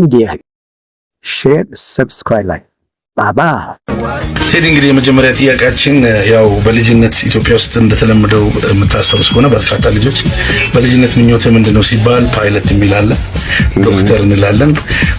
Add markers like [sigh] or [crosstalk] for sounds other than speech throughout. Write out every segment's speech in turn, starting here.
ሚዲያ ሼር ሰብስክራይብ ላይ ባባ ቴዲ፣ እንግዲህ የመጀመሪያ ጥያቄያችን ያው በልጅነት ኢትዮጵያ ውስጥ እንደተለመደው የምታስታውስ ከሆነ በርካታ ልጆች በልጅነት ምኞት ምንድን ነው ሲባል ፓይለት የሚላለን፣ ዶክተር እንላለን።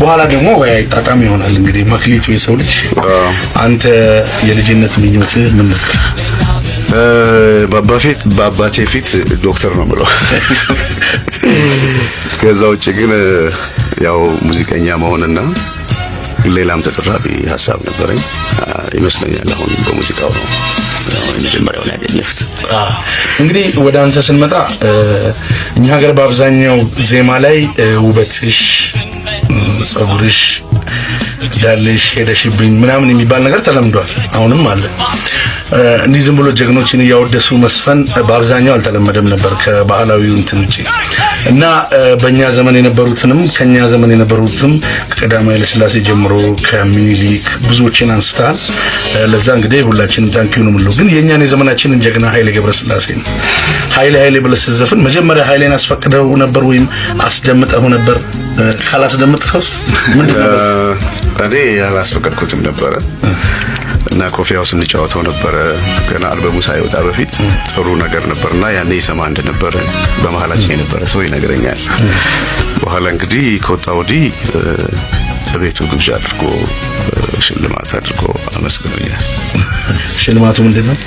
በኋላ ደግሞ አይጣጣም ይሆናል። እንግዲህ መክሊቱ የሰው ልጅ አንተ የልጅነት ምኞት ምን ነበር? በአባቴ ፊት ዶክተር ነው ብለው። ከዛ ውጭ ግን ያው ሙዚቀኛ መሆንና ሌላም ተጠራቢ ሀሳብ ነበረኝ ይመስለኛል። አሁን በሙዚቃው ነው የመጀመሪያውን ያገኘሁት። እንግዲህ ወደ አንተ ስንመጣ እኛ ሀገር በአብዛኛው ዜማ ላይ ውበትሽ፣ ጸጉርሽ፣ ዳልሽ፣ ሄደሽብኝ ምናምን የሚባል ነገር ተለምዷል። አሁንም አለ እንዲህ ዝም ብሎ ጀግኖችን እያወደሱ መስፈን በአብዛኛው አልተለመደም ነበር ከባህላዊ እንትን ውጭ እና በእኛ ዘመን የነበሩትንም ከእኛ ዘመን የነበሩትም ከቀዳማዊ ኃይለሥላሴ ጀምሮ ከሚኒሊክ ብዙዎችን አንስተሃል። ለዛ እንግዲህ ሁላችንም ታንኪዩ ነው የምንለው። ግን የእኛን የዘመናችንን ጀግና ኃይሌ ገብረሥላሴ ነው። ኃይሌ ኃይሌ ብለህ ስትዘፍን መጀመሪያ ኃይሌን አስፈቅደው ነበር ወይም አስደምጠው ነበር? ካላስደምጥከውስ ምንድን ነበር? እኔ አላስፈቀድኩትም ነበረ እና ኮፊ ስንጫወተው እንጫወተው ነበረ። ገና አልበሙ ሳይወጣ በፊት ጥሩ ነገር ነበርና ያኔ ይሰማ እንደነበረ በመሀላችን የነበረ ሰው ይነግረኛል። በኋላ እንግዲህ ከወጣ ወዲህ በቤቱ ግብዣ አድርጎ ሽልማት አድርጎ አመስግኖኛል። ሽልማቱ ምንድን ነው?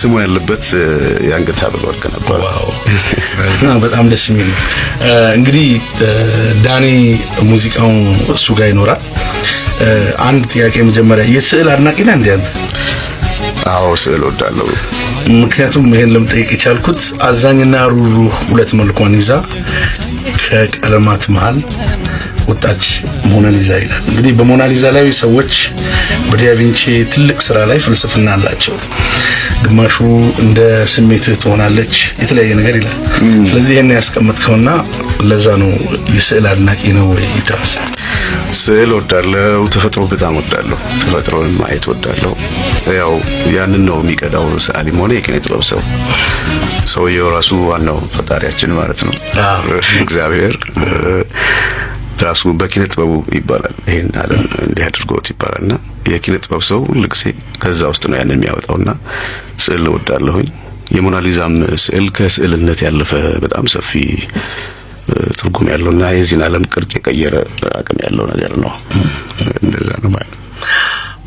ስሙ ያለበት የአንገት ሐብል ወርቅ ነበር። በጣም ደስ የሚል እንግዲህ ዳኔ ሙዚቃውን እሱ ጋር ይኖራል። አንድ ጥያቄ መጀመሪያ የስዕል አድናቂ ነህ እንዴ አንተ? አዎ ስዕል ወዳለሁ። ምክንያቱም ይሄን ለምጠይቅ የቻልኩት አዛኝና ሩሩ ሁለት መልኳን ይዛ ከቀለማት መሃል ወጣች ሞናሊዛ ይላል። እንግዲህ በሞናሊዛ ላይ ሰዎች በዳቪንቺ ትልቅ ስራ ላይ ፍልስፍና አላቸው። ግማሹ እንደ ስሜትህ ትሆናለች የተለያየ ነገር ይላል። ስለዚህ ይህን ያስቀመጥከውና ለዛ ነው የስዕል አድናቂ ነው ወይ? ስዕል ወዳለው ተፈጥሮ በጣም ወዳለሁ። ተፈጥሮን ማየት ወዳለሁ። ያው ያንን ነው የሚቀዳው ሰዓሊም ሆነ የኪነ ጥበብ ሰው። ሰውየው ራሱ ዋናው ፈጣሪያችን ማለት ነው እግዚአብሔር ራሱ በኪነ ጥበቡ ይባላል። ይሄን አለም እንዲህ አድርጎት ይባላልና የኪነ ጥበብ ሰው ሁልጊዜ ከዛ ውስጥ ነው ያንን የሚያወጣውና ስዕል ወዳለሁኝ። የሞናሊዛም ስዕል ከስዕልነት ያለፈ በጣም ሰፊ ትርጉም ያለውና የዚህን ዓለም ቅርጽ የቀየረ አቅም ያለው ነገር ነው። እንደዛ ነው ማለት።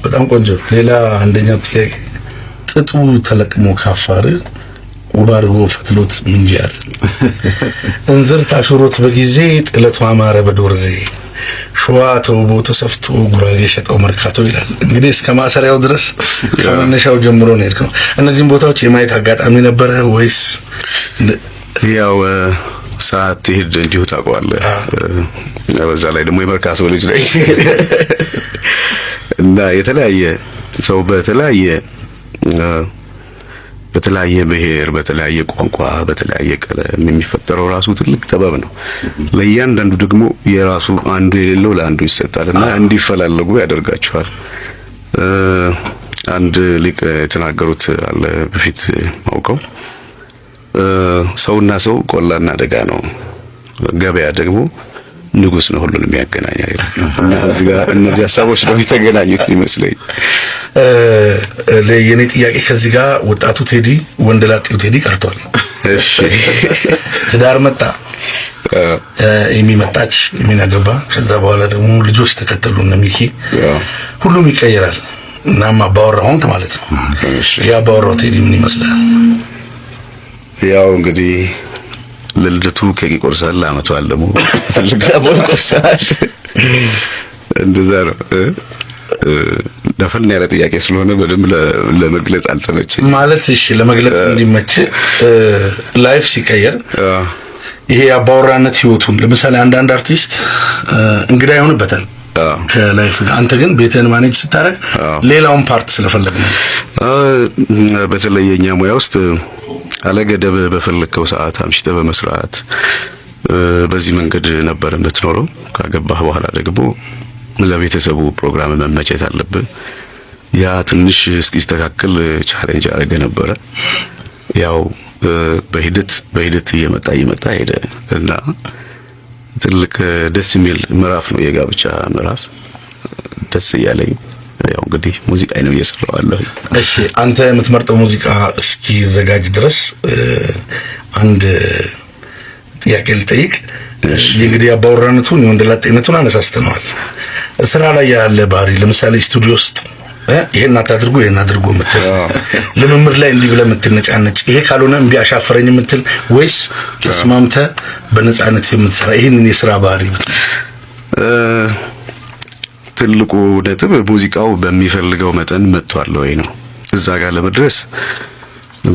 በጣም ቆንጆ። ሌላ አንደኛ ጥያቄ ጥጡ ተለቅሞ ካፋር አድርጎ ፈትሎት ምንጃር [laughs] እንዝር ታሽሮት በጊዜ ጥለቱ አማረ በዶርዜ ሸዋ ተውቦ ተሰፍቶ ጉራጌ ሸጠው መርካቶ ይላል። እንግዲህ እስከ ማሰሪያው ድረስ ከመነሻው ጀምሮ ነው የሄድከው። እነዚህም ቦታዎች የማየት አጋጣሚ ነበረ ወይስ ያው ሰዓት ይሄድ እንዲሁ ታውቀዋለህ። በዛ ላይ ደግሞ የመርካቶ ልጅ ላይ እና የተለያየ ሰው በተለያየ በተለያየ ብሔር፣ በተለያየ ቋንቋ፣ በተለያየ ቀለም የሚፈጠረው ራሱ ትልቅ ጥበብ ነው። ለእያንዳንዱ ደግሞ የራሱ አንዱ የሌለው ለአንዱ ይሰጣል እና እንዲፈላለጉ ያደርጋቸዋል። አንድ ሊቅ የተናገሩት አለ በፊት ማውቀው ሰውና ሰው ቆላና ደጋ ነው፣ ገበያ ደግሞ ንጉስ ነው፣ ሁሉንም ያገናኛል እና እዚህ ጋር እነዚህ ሀሳቦች ነው የተገናኙት ይመስለኝ። የኔ ጥያቄ ከዚህ ጋር ወጣቱ ቴዲ ወንደላጤው ቴዲ ቀርቷል። እሺ ትዳር መጣ፣ የሚመጣች የሚነገባ ከዛ በኋላ ደግሞ ልጆች ተከተሉ እነ ሚኪ፣ ሁሉም ይቀየራል። እናም አባወራ ሆንክ ማለት ነው። ያ አባወራው ቴዲ ምን ይመስላል? ያው እንግዲህ ለልደቱ ኬክ ይቆርሳል፣ ለአመቱ አለሙ ደግሞ ትልቅ ዳቦ ይቆርሳል። እንደዛ ነው። ደፈን ያለ ጥያቄ ስለሆነ በደንብ ለመግለጽ አልተመቸኝ ማለት እሺ፣ ለመግለጽ እንዲመች ላይፍ ሲቀየር ይሄ የአባወራነት ህይወቱን ለምሳሌ አንዳንድ አርቲስት እንግዳ ይሆንበታል ከላይፍ አንተ ግን ቤትህን ማኔጅ ስታደርግ ሌላውን ፓርት ስለፈለግ ነው። በተለይ ሙያ ውስጥ ገደብ በፈለግከው ሰዓት አምሽተ በመስራት በዚህ መንገድ ነበር የምትኖረው። ካገባህ በኋላ ደግሞ ለቤተሰቡ ፕሮግራም መመቸት አለብህ። ያ ትንሽ እስኪስተካከል ቻሌንጅ አድርገህ ነበረ። ያው በሂደት በሂደት እየመጣ እየመጣ ሄደ እና ትልቅ ደስ የሚል ምዕራፍ ነው የጋብቻ ምዕራፍ። ደስ እያለኝ ያው እንግዲህ ሙዚቃ ነው እየሰራዋለሁ። እሺ አንተ የምትመርጠው ሙዚቃ እስኪዘጋጅ ድረስ አንድ ጥያቄ ልጠይቅ። የእንግዲህ አባወራነቱን የወንደላጤነቱን አነሳስተነዋል። ስራ ላይ ያለ ባህሪ ለምሳሌ ስቱዲዮ ውስጥ ይሄን አታድርጉ ይሄን አድርጉ የምትል ልምምድ ላይ እንዲህ ብለህ የምትነጫነጭ ይሄ ካልሆነ እምቢ አሻፈረኝ የምትል ወይስ ተስማምተህ በነፃነት የምትሰራ ይህንን የስራ ባህሪ ትልቁ ነጥብ ሙዚቃው በሚፈልገው መጠን መጥቷል ወይ ነው። እዛ ጋር ለመድረስ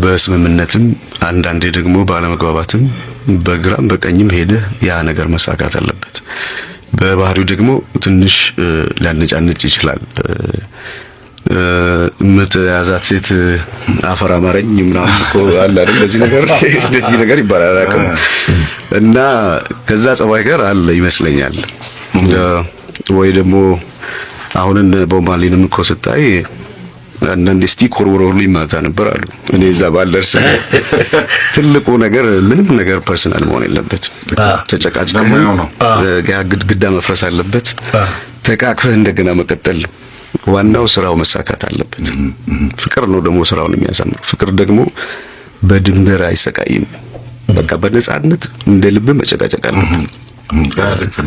በስምምነትም አንዳንዴ ደግሞ ባለመግባባትም በግራም በቀኝም ሄደ ያ ነገር መሳካት አለበት። በባህሪው ደግሞ ትንሽ ሊያነጫንጭ ይችላል። ምጥ ያዛት ሴት አፈር አማረኝ ምናምን እኮ አለ አይደል? እንደዚህ ነገር [laughs] እንደዚህ ነገር ይባላል አቅም እና ከዛ ጸባይ ጋር አለ ይመስለኛል ወይ ደግሞ አሁን እነ ቦብ እኮ ስታይ አንዳንድ ስቲክ ወርውሮ ሁሉ ይመታ ነበር አሉ። እኔ እዛ ባልደርስ። [laughs] ትልቁ ነገር ምንም ነገር ፐርሰናል መሆን የለበትም። ተጨቃጭቀህ ግድግዳ መፍረስ አለበት። ተቃቅፈህ እንደገና መቀጠል ዋናው ስራው መሳካት አለበት። ፍቅር ነው ደግሞ ስራውን የሚያሳምረው። ፍቅር ደግሞ በድንበር አይሰቃይም። በቃ በነጻነት እንደ ልብ መጨቃጨቅ አለበት።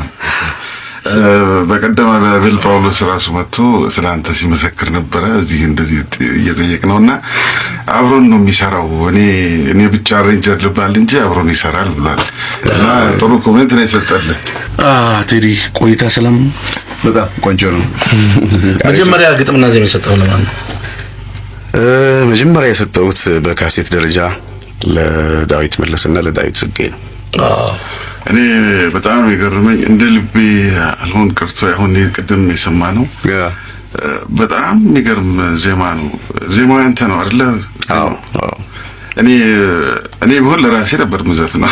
በቀደም አበል ጳውሎስ ራሱ መጥቶ ስለ አንተ ሲመሰክር ነበረ። እዚህ እንደዚህ እየጠየቅ ነው እና አብሮን ነው የሚሰራው። እኔ እኔ ብቻ ሬንጀር ልባል እንጂ አብሮን ይሰራል ብሏል። እና ጥሩ ኮሜንት ነው የሰጠልህ ቴዲ። ቆይታ ሰላም፣ በጣም ቆንጆ ነው። መጀመሪያ ግጥምና ዜማ የሰጠው ለማን ነው? መጀመሪያ የሰጠሁት በካሴት ደረጃ ለዳዊት መለስና ለዳዊት ጽጌ ነው። እኔ በጣም የገረመኝ እንደ ልቤ አልሆን ቀርቶ አሁን ቅድም የሰማ ነው። በጣም የሚገርም ዜማ ነው። ዜማ ያንተ ነው አይደለ? አዎ እኔ እኔ ቢሆን ለራሴ ነበር ነው። [laughs]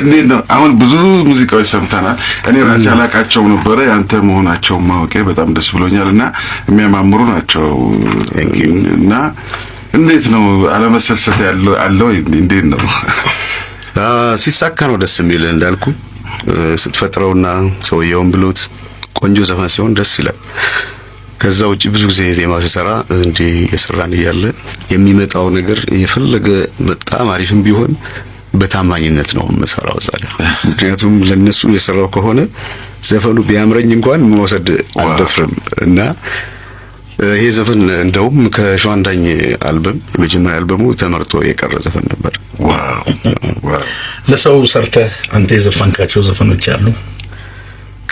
እንዴት ነው አሁን ብዙ ሙዚቃዎች ሰምተናል። እኔ ራሴ አላቃቸው ነበረ። ያንተ መሆናቸውን ማወቄ በጣም ደስ ብሎኛል እና የሚያማምሩ ናቸው እና እንዴት ነው አለመሰሰት ያለው አለው እንዴት ነው ሲሳካ ነው ደስ የሚል እንዳልኩ ስትፈጥረውና ሰውየውን ብሎት ቆንጆ ዘፈን ሲሆን ደስ ይላል። ከዛ ውጪ ብዙ ጊዜ ዜማ ሲሰራ እንዲህ የስራን እያለ የሚመጣው ነገር የፈለገ በጣም አሪፍም ቢሆን በታማኝነት ነው የምሰራው እዛ ጋር። ምክንያቱም ለነሱ የሰራው ከሆነ ዘፈኑ ቢያምረኝ እንኳን መውሰድ አልደፍርም እና ይሄ ዘፈን እንደውም ከሸዋንዳኝ አልበም የመጀመሪያ አልበሙ ተመርጦ የቀረ ዘፈን ነበር። ለሰው ሰርተ አንተ የዘፈንካቸው ዘፈኖች አሉ?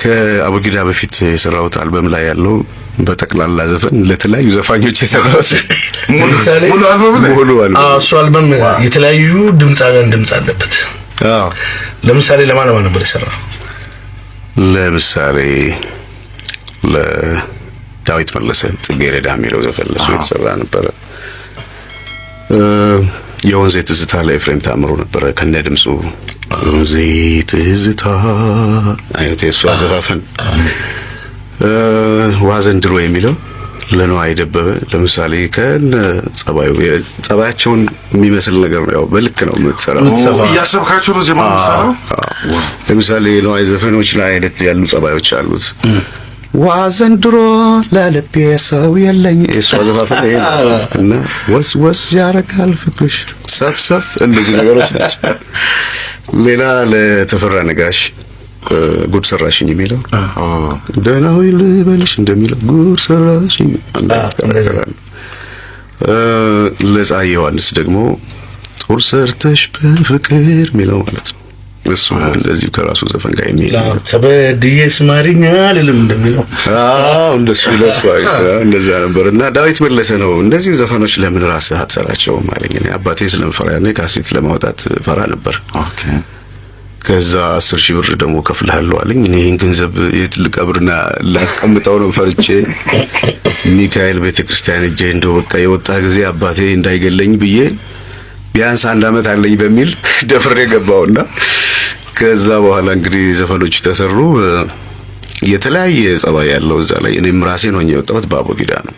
ከአቡጊዳ በፊት የሰራሁት አልበም ላይ ያለው በጠቅላላ ዘፈን ለተለያዩ ዘፋኞች የሰራሁት ሙሉ አልበም ነው። ሙሉ አልበም የተለያዩ ድምጻውያን ድምጽ አለበት። አዎ። ለምሳሌ ለማን ለማን ነበር የሰራው? ለምሳሌ ለ ዳዊት መለሰ ጽጌረዳ የሚለው ዘፈን ለሱ የተሰራ ነበረ። የወንዜ ትዝታ ለኤፍሬም ታምሮ ነበረ ከነ ድምፁ ወንዜ ትዝታ አይነት የእሱ አዘፋፈን። ዋዘንድሮ የሚለው ለነዋይ አይደበበ ለምሳሌ ከነ ጸባዩ ጸባያቸውን የሚመስል ነገር ነው። ያው በልክ ነው የምትሰራው፣ እያሰብካቸው ነው ዜማ ነው የምትሰራው። ለምሳሌ ነዋይ ዘፈኖች ላይ አይነት ያሉ ጸባዮች አሉት። ዋ ዘንድሮ ለልቤ ሰው የለኝ እሷ ዘፋፈለ እና ወስ ወስ ያረጋል ፍቅርሽ ሰፍሰፍ እንደዚህ ነገሮች ናቸው። ሌላ ለተፈራ ነጋሽ ጉድ ሰራሽኝ የሚለው ደህና ሆይ ልበልሽ እንደሚለው ጉድ ሰራሽኝ ለፀሐይ ዮሐንስ ደግሞ ጦር ሰርተሽ በፍቅር የሚለው ማለት ነው። እሱ እንደዚሁ ከራሱ ዘፈን ጋር የሚል ተበድዬ ስማሪኝ አልልም እንደሚለው አዎ፣ እንደሱ ለሱ አይተ እንደዛ ነበር። እና ዳዊት መለሰ ነው እንደዚህ ዘፈኖች ለምን ራስ አትሰራቸውም አለኝ። እኔ አባቴ ስለምፈራ ያኔ ካሴት ለማውጣት ፈራ ነበር። ኦኬ ከዛ አስር ሺህ ብር ደግሞ ከፍልሃለሁ አለኝ። እኔ ይህን ገንዘብ የት ልቀብርና ላስቀምጠው ነው ፈርቼ ሚካኤል ቤተክርስቲያን እጄ እንደው በቃ የወጣ ጊዜ አባቴ እንዳይገለኝ ብዬ ቢያንስ አንድ አመት አለኝ በሚል ደፍሬ ገባውና ከዛ በኋላ እንግዲህ ዘፈኖች ተሰሩ። የተለያየ ጸባይ ያለው እዛ ላይ እኔም ራሴ ነው የወጣሁት። በአቦጊዳ ነው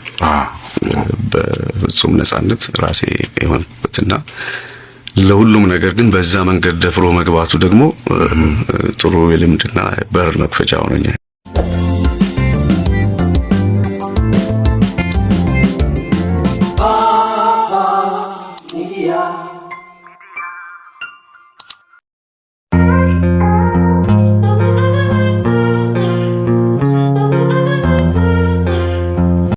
በፍጹም ነጻነት ራሴ የሆንኩትና ለሁሉም ነገር ግን በዛ መንገድ ደፍሮ መግባቱ ደግሞ ጥሩ የልምድና በር መክፈቻ ሆነኛል።